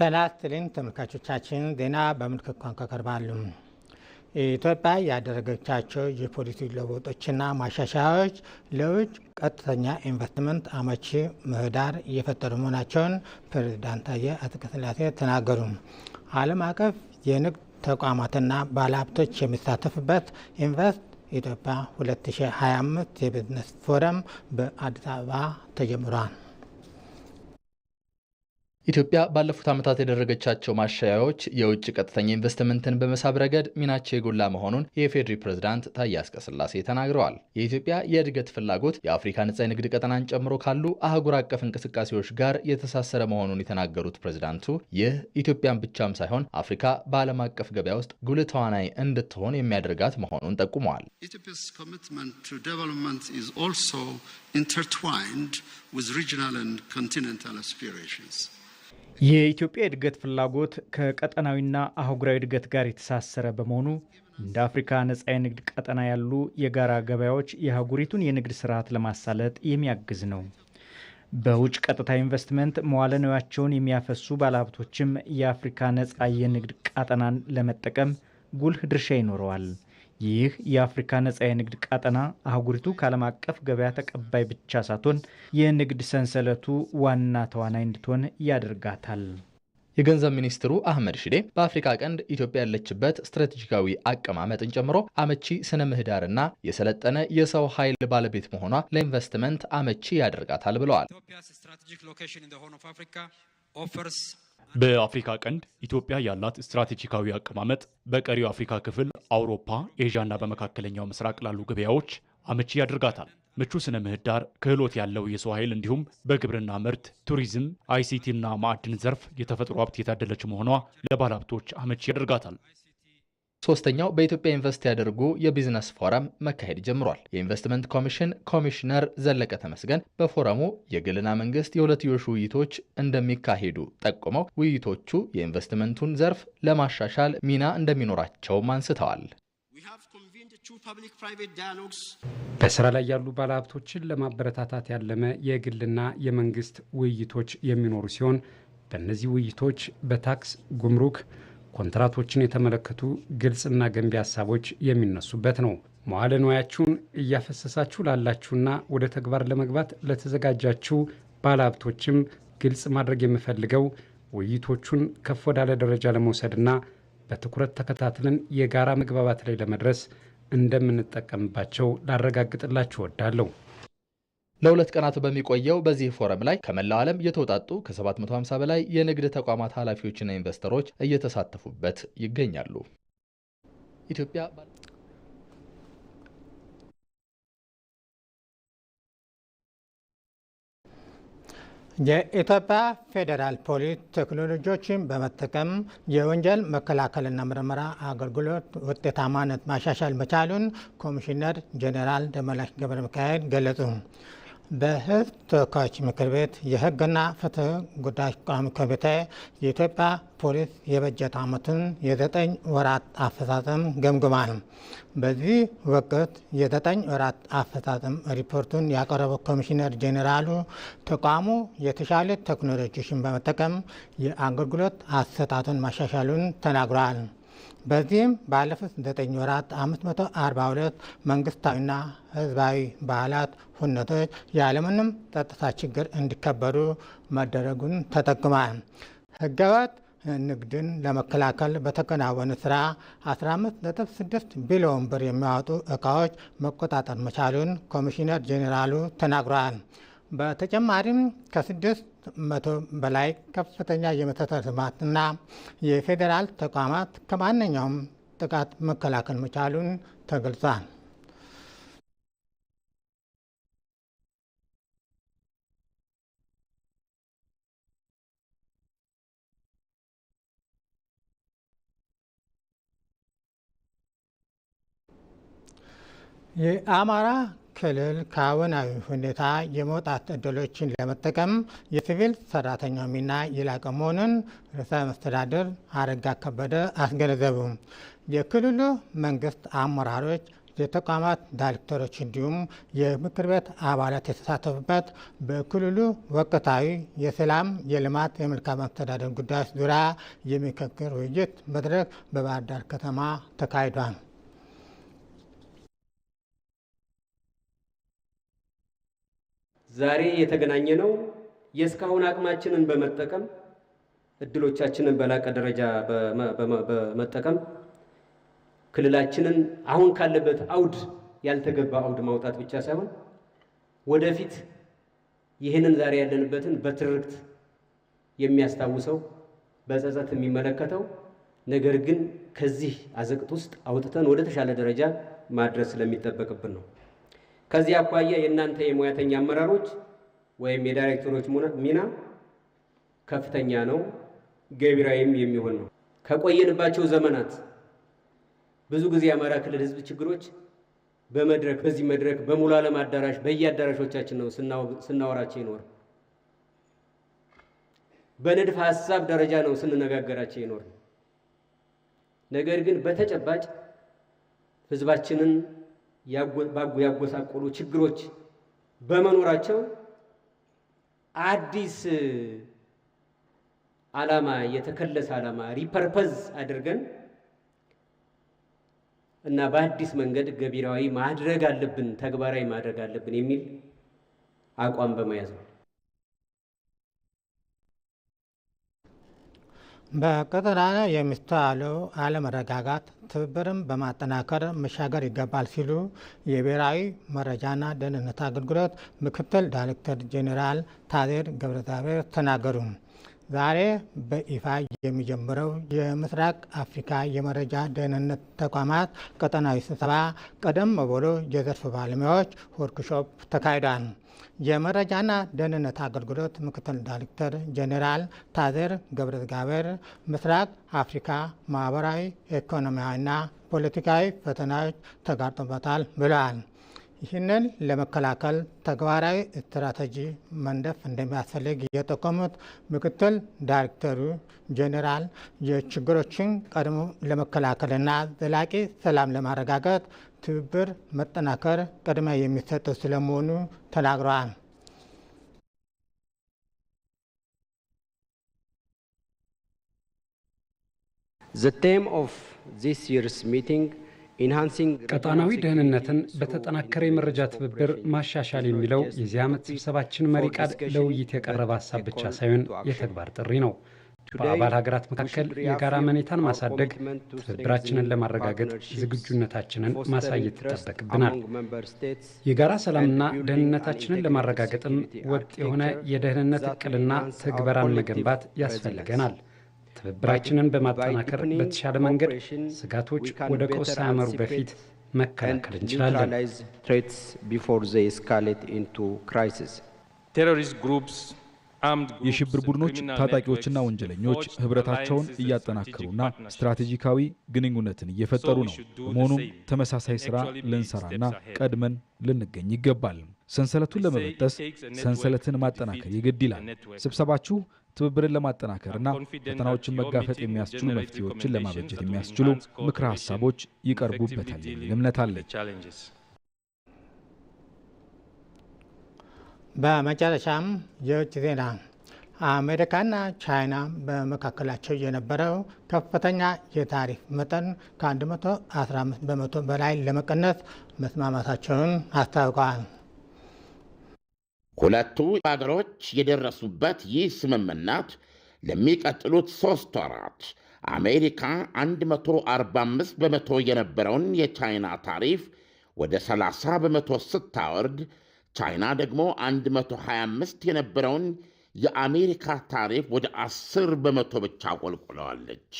ተናስትልን ተመልካቾቻችን ዜና በምልክት ቋንቋ ቀርባሉ። ኢትዮጵያ ያደረገቻቸው የፖሊሲ ለውጦችና ማሻሻያዎች ለውጭ ቀጥተኛ ኢንቨስትመንት አመቺ ምህዳር እየፈጠሩ መሆናቸውን ፕሬዚዳንት ታዬ አጽቀሥላሴ ተናገሩ። ዓለም አቀፍ የንግድ ተቋማትና ባለሀብቶች የሚሳተፍበት ኢንቨስት ኢትዮጵያ 2025 የቢዝነስ ፎረም በአዲስ አበባ ተጀምሯል። ኢትዮጵያ ባለፉት ዓመታት የደረገቻቸው ማሻያዎች የውጭ ቀጥተኛ ኢንቨስትመንትን በመሳብ ረገድ ሚናቸው የጎላ መሆኑን የኢፌዴሪ ፕሬዝዳንት ታዬ አጽቀሥላሴ ተናግረዋል። የኢትዮጵያ የእድገት ፍላጎት የአፍሪካ ነጻ የንግድ ቀጠናን ጨምሮ ካሉ አህጉር አቀፍ እንቅስቃሴዎች ጋር የተሳሰረ መሆኑን የተናገሩት ፕሬዝዳንቱ ይህ ኢትዮጵያን ብቻም ሳይሆን አፍሪካ በዓለም አቀፍ ገበያ ውስጥ ጉልህ ተዋናይ እንድትሆን የሚያደርጋት መሆኑን ጠቁመዋል። ኢትዮጵያስ የኢትዮጵያ የእድገት ፍላጎት ከቀጠናዊና አህጉራዊ እድገት ጋር የተሳሰረ በመሆኑ እንደ አፍሪካ ነጻ የንግድ ቀጠና ያሉ የጋራ ገበያዎች የአህጉሪቱን የንግድ ስርዓት ለማሳለጥ የሚያግዝ ነው። በውጭ ቀጥታ ኢንቨስትመንት መዋለ ንዋያቸውን የሚያፈሱ ባለሀብቶችም የአፍሪካ ነጻ የንግድ ቀጠናን ለመጠቀም ጉልህ ድርሻ ይኖረዋል። ይህ የአፍሪካ ነጻ የንግድ ቀጠና አህጉሪቱ ከዓለም አቀፍ ገበያ ተቀባይ ብቻ ሳትሆን የንግድ ሰንሰለቱ ዋና ተዋናይ እንድትሆን ያደርጋታል። የገንዘብ ሚኒስትሩ አህመድ ሽዴ በአፍሪካ ቀንድ ኢትዮጵያ ያለችበት ስትራቴጂካዊ አቀማመጥን ጨምሮ አመቺ ስነ ምህዳርና የሰለጠነ የሰው ኃይል ባለቤት መሆኗ ለኢንቨስትመንት አመቺ ያደርጋታል ብለዋል። በአፍሪካ ቀንድ ኢትዮጵያ ያላት ስትራቴጂካዊ አቀማመጥ በቀሪው አፍሪካ ክፍል፣ አውሮፓ፣ ኤዥያና በመካከለኛው ምስራቅ ላሉ ገበያዎች አመቺ ያደርጋታል። ምቹ ስነ ምህዳር፣ ክህሎት ያለው የሰው ኃይል እንዲሁም በግብርና ምርት፣ ቱሪዝም፣ አይሲቲ ማዕድን ዘርፍ የተፈጥሮ ሀብት የታደለች መሆኗ ለባለሀብቶች አመቺ ያደርጋታል። ሶስተኛው በኢትዮጵያ ኢንቨስት ያደርጉ የቢዝነስ ፎረም መካሄድ ጀምሯል። የኢንቨስትመንት ኮሚሽን ኮሚሽነር ዘለቀ ተመስገን በፎረሙ የግልና መንግስት የሁለትዮሽ ውይይቶች እንደሚካሄዱ ጠቁመው ውይይቶቹ የኢንቨስትመንቱን ዘርፍ ለማሻሻል ሚና እንደሚኖራቸውም አንስተዋል። በስራ ላይ ያሉ ባለሀብቶችን ለማበረታታት ያለመ የግልና የመንግስት ውይይቶች የሚኖሩ ሲሆን በእነዚህ ውይይቶች በታክስ ጉምሩክ ኮንትራቶችን የተመለከቱ ግልጽና ገንቢ ሀሳቦች የሚነሱበት ነው። መዋለ ንዋያችሁን እያፈሰሳችሁ ላላችሁና ወደ ተግባር ለመግባት ለተዘጋጃችሁ ባለሀብቶችም ግልጽ ማድረግ የምፈልገው ውይይቶቹን ከፍ ወዳለ ደረጃ ለመውሰድና በትኩረት ተከታትለን የጋራ መግባባት ላይ ለመድረስ እንደምንጠቀምባቸው ላረጋግጥላችሁ እወዳለሁ። ለሁለት ቀናት በሚቆየው በዚህ ፎረም ላይ ከመላው ዓለም የተውጣጡ ከ750 በላይ የንግድ ተቋማት ኃላፊዎችና ኢንቨስተሮች እየተሳተፉበት ይገኛሉ። ኢትዮጵያ የኢትዮጵያ ፌዴራል ፖሊስ ቴክኖሎጂዎችን በመጠቀም የወንጀል መከላከልና ምርመራ አገልግሎት ውጤታማነት ማሻሻል መቻሉን ኮሚሽነር ጄኔራል ደመላሽ ገብረ ሚካኤል ገለጹ። በህዝብ ተወካዮች ምክር ቤት የህግና ፍትህ ጉዳዮች ቋሚ ኮሚቴ የኢትዮጵያ ፖሊስ የበጀት ዓመቱን የዘጠኝ ወራት አፈጻጸም ገምግሟል። በዚህ ወቅት የዘጠኝ ወራት አፈጻጸም ሪፖርቱን ያቀረበው ኮሚሽነር ጄኔራሉ ተቋሙ የተሻለ ቴክኖሎጂዎችን በመጠቀም የአገልግሎት አሰጣጡን ማሻሻሉን ተናግሯል። በዚህም ባለፉት ዘጠኝ ወራት 542 መንግስታዊና ህዝባዊ በዓላት ሁነቶች ያለምንም ጸጥታ ችግር እንዲከበሩ መደረጉን ተጠቅሟል። ህገወጥ ንግድን ለመከላከል በተከናወነ ስራ 156 ቢሊዮን ብር የሚያወጡ እቃዎች መቆጣጠር መቻሉን ኮሚሽነር ጄኔራሉ ተናግሯል። በተጨማሪም ከስድስት መቶ በላይ ከፍተኛ የመሰረተ ልማትና የፌዴራል ተቋማት ከማንኛውም ጥቃት መከላከል መቻሉን ተገልጿል። የአማራ ክልል ከአወናዊ ሁኔታ የመውጣት እድሎችን ለመጠቀም የሲቪል ሰራተኛው ሚና የላቀ መሆኑን ርዕሰ መስተዳድር አረጋ ከበደ አስገነዘቡ። የክልሉ መንግስት አመራሮች የተቋማት ዳይሬክተሮች እንዲሁም የምክር ቤት አባላት የተሳተፉበት በክልሉ ወቅታዊ የሰላም፣ የልማት፣ የመልካም አስተዳደር ጉዳዮች ዙሪያ የምክክር ውይይት መድረክ በባህር ዳር ከተማ ተካሂዷል። ዛሬ የተገናኘ ነው የእስካሁን አቅማችንን በመጠቀም እድሎቻችንን በላቀ ደረጃ በመጠቀም ክልላችንን አሁን ካለበት አውድ ያልተገባ አውድ ማውጣት ብቻ ሳይሆን ወደፊት ይህንን ዛሬ ያለንበትን በትርክት የሚያስታውሰው በጸጸት የሚመለከተው ነገር ግን ከዚህ አዘቅት ውስጥ አውጥተን ወደ ተሻለ ደረጃ ማድረስ ስለሚጠበቅብን ነው። ከዚህ አኳያ የእናንተ የሙያተኛ አመራሮች ወይም የዳይሬክተሮች ሚና ከፍተኛ ነው፣ ገቢራዊም የሚሆን ነው። ከቆየንባቸው ዘመናት ብዙ ጊዜ የአማራ ክልል ህዝብ ችግሮች በመድረክ በዚህ መድረክ በሙሉ ዓለም አዳራሽ በየአዳራሾቻችን ነው ስናወራቸው ይኖር፣ በንድፍ ሀሳብ ደረጃ ነው ስንነጋገራቸው ይኖር። ነገር ግን በተጨባጭ ህዝባችንን ያጎሳቆሉ ችግሮች በመኖራቸው አዲስ ዓላማ የተከለሰ ዓላማ ሪፐርፐዝ አድርገን እና በአዲስ መንገድ ገቢራዊ ማድረግ አለብን፣ ተግባራዊ ማድረግ አለብን የሚል አቋም በመያዝ ነው። በቀጠናው የሚስተዋለው አለመረጋጋት ትብብርን በማጠናከር መሻገር ይገባል ሲሉ የብሔራዊ መረጃና ደህንነት አገልግሎት ምክትል ዳይሬክተር ጄኔራል ታዜር ገብረእግዚአብሔር ተናገሩ። ዛሬ በይፋ የሚጀምረው የምስራቅ አፍሪካ የመረጃ ደህንነት ተቋማት ቀጠናዊ ስብሰባ ቀደም ብሎ የዘርፍ ባለሙያዎች ወርክሾፕ ተካሂዷል። የመረጃና ደህንነት አገልግሎት ምክትል ዳይሬክተር ጄኔራል ታዘር ገብረዝጋበር ምስራቅ አፍሪካ ማህበራዊ ኢኮኖሚያዊና ፖለቲካዊ ፈተናዎች ተጋርጦበታል ብለዋል። ይህንን ለመከላከል ተግባራዊ ስትራቴጂ መንደፍ እንደሚያስፈልግ የጠቆሙት ምክትል ዳይሬክተሩ ጄኔራል የችግሮችን ቀድሞ ለመከላከልና ዘላቂ ሰላም ለማረጋገጥ ትብብር መጠናከር ቅድሚያ የሚሰጠው ስለመሆኑ ተናግረዋል። The theme of this year's meeting ቀጣናዊ ደህንነትን በተጠናከረ የመረጃ ትብብር ማሻሻል የሚለው የዚህ ዓመት ስብሰባችን መሪ ቃል ለውይይት የቀረበ ሀሳብ ብቻ ሳይሆን የተግባር ጥሪ ነው። በአባል ሀገራት መካከል የጋራ መኔታን ማሳደግ፣ ትብብራችንን ለማረጋገጥ ዝግጁነታችንን ማሳየት ይጠበቅብናል። የጋራ ሰላምና ደህንነታችንን ለማረጋገጥም ወጥ የሆነ የደህንነት እቅልና ትግበራን መገንባት ያስፈልገናል። ትብብራችንን በማጠናከር በተሻለ መንገድ ስጋቶች ወደ ቀውስ ሳያመሩ በፊት መከላከል እንችላለን። የሽብር ቡድኖች ታጣቂዎችና ወንጀለኞች ህብረታቸውን እያጠናከሩና ስትራቴጂካዊ ግንኙነትን እየፈጠሩ ነው። በመሆኑም ተመሳሳይ ስራ ልንሰራና ቀድመን ልንገኝ ይገባል። ሰንሰለቱን ለመበጠስ ሰንሰለትን ማጠናከር የግድ ይላል። ስብሰባችሁ ትብብርን ለማጠናከርና ፈተናዎችን መጋፈጥ የሚያስችሉ መፍትሄዎችን ለማበጀት የሚያስችሉ ምክረ ሀሳቦች ይቀርቡበታል የሚል እምነት አለች። በመጨረሻም የውጭ ዜና አሜሪካና ቻይና በመካከላቸው የነበረው ከፍተኛ የታሪፍ መጠን ከ115 በመቶ በላይ ለመቀነስ መስማማታቸውን አስታውቀዋል። ሁለቱ ሀገሮች የደረሱበት ይህ ስምምነት ለሚቀጥሉት ሦስት ወራት አሜሪካ 145 በመቶ የነበረውን የቻይና ታሪፍ ወደ 30 በመቶ ስታወርድ ቻይና ደግሞ 125 የነበረውን የአሜሪካ ታሪፍ ወደ 10 በመቶ ብቻ አቆልቁለዋለች።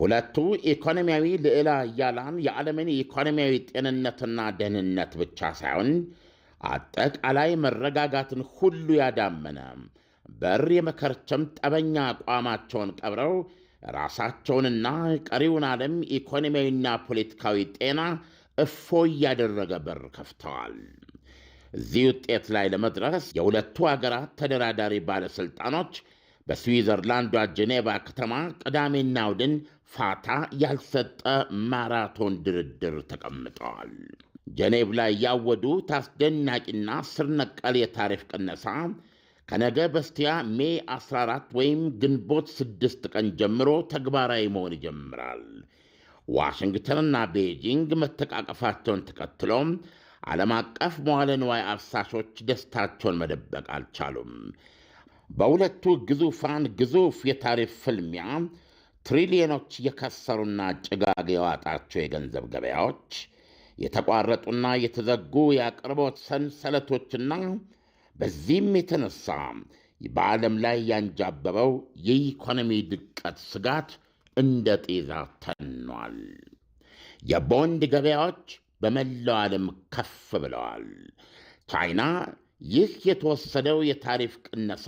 ሁለቱ ኢኮኖሚያዊ ልዕለ ኃያላን የዓለምን የኢኮኖሚያዊ ጤንነትና ደህንነት ብቻ ሳይሆን አጠቃላይ መረጋጋትን ሁሉ ያዳመነ በር የመከርቸም ጠበኛ አቋማቸውን ቀብረው ራሳቸውንና ቀሪውን ዓለም ኢኮኖሚያዊና ፖለቲካዊ ጤና እፎ እያደረገ በር ከፍተዋል። እዚህ ውጤት ላይ ለመድረስ የሁለቱ ሀገራት ተደራዳሪ ባለሥልጣኖች በስዊዘርላንዷ ጄኔቫ ከተማ ቅዳሜና እሁድን ፋታ ያልሰጠ ማራቶን ድርድር ተቀምጠዋል። ጄኔቭ ላይ ያወዱት አስደናቂና ስር ነቀል የታሪፍ ቅነሳ ከነገ በስቲያ ሜ 14 ወይም ግንቦት 6 ቀን ጀምሮ ተግባራዊ መሆን ይጀምራል። ዋሽንግተንና ቤጂንግ መተቃቀፋቸውን ተከትሎም ዓለም አቀፍ መዋለ ንዋይ አፍሳሾች ደስታቸውን መደበቅ አልቻሉም። በሁለቱ ግዙፋን ግዙፍ የታሪፍ ፍልሚያ ትሪሊዮኖች የከሰሩና ጭጋግ የዋጣቸው የገንዘብ ገበያዎች፣ የተቋረጡና የተዘጉ የአቅርቦት ሰንሰለቶችና በዚህም የተነሳ በዓለም ላይ ያንጃበበው የኢኮኖሚ ድቀት ስጋት እንደ ጤዛ ተኗል። የቦንድ ገበያዎች በመላው ዓለም ከፍ ብለዋል። ቻይና ይህ የተወሰደው የታሪፍ ቅነሳ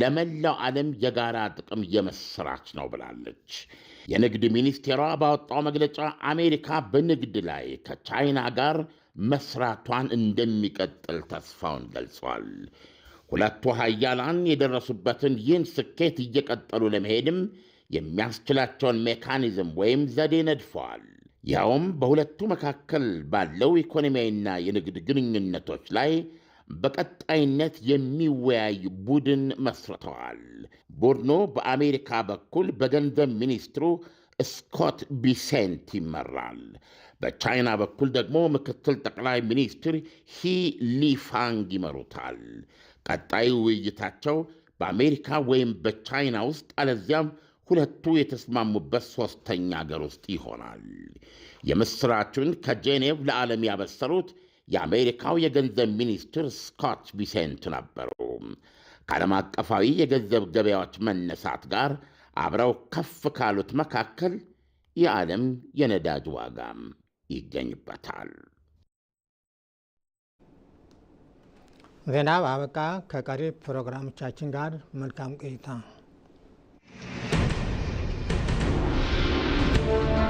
ለመላው ዓለም የጋራ ጥቅም የምሥራች ነው ብላለች። የንግድ ሚኒስቴሯ ባወጣው መግለጫ አሜሪካ በንግድ ላይ ከቻይና ጋር መስራቷን እንደሚቀጥል ተስፋውን ገልጿል። ሁለቱ ሀያላን የደረሱበትን ይህን ስኬት እየቀጠሉ ለመሄድም የሚያስችላቸውን ሜካኒዝም ወይም ዘዴ ነድፈዋል። ያውም በሁለቱ መካከል ባለው ኢኮኖሚያዊና የንግድ ግንኙነቶች ላይ በቀጣይነት የሚወያይ ቡድን መስርተዋል። ቡድኑ በአሜሪካ በኩል በገንዘብ ሚኒስትሩ ስኮት ቢሴንት ይመራል። በቻይና በኩል ደግሞ ምክትል ጠቅላይ ሚኒስትር ሂ ሊፋንግ ይመሩታል። ቀጣዩ ውይይታቸው በአሜሪካ ወይም በቻይና ውስጥ አለዚያም ሁለቱ የተስማሙበት ሦስተኛ አገር ውስጥ ይሆናል። የምሥራቹን ከጄኔቭ ለዓለም ያበሰሩት የአሜሪካው የገንዘብ ሚኒስትር ስኮት ቢሴንት ነበሩ። ከዓለም አቀፋዊ የገንዘብ ገበያዎች መነሳት ጋር አብረው ከፍ ካሉት መካከል የዓለም የነዳጅ ዋጋም ይገኝበታል። ዜና አበቃ። ከቀሪ ፕሮግራሞቻችን ጋር መልካም ቆይታ thank you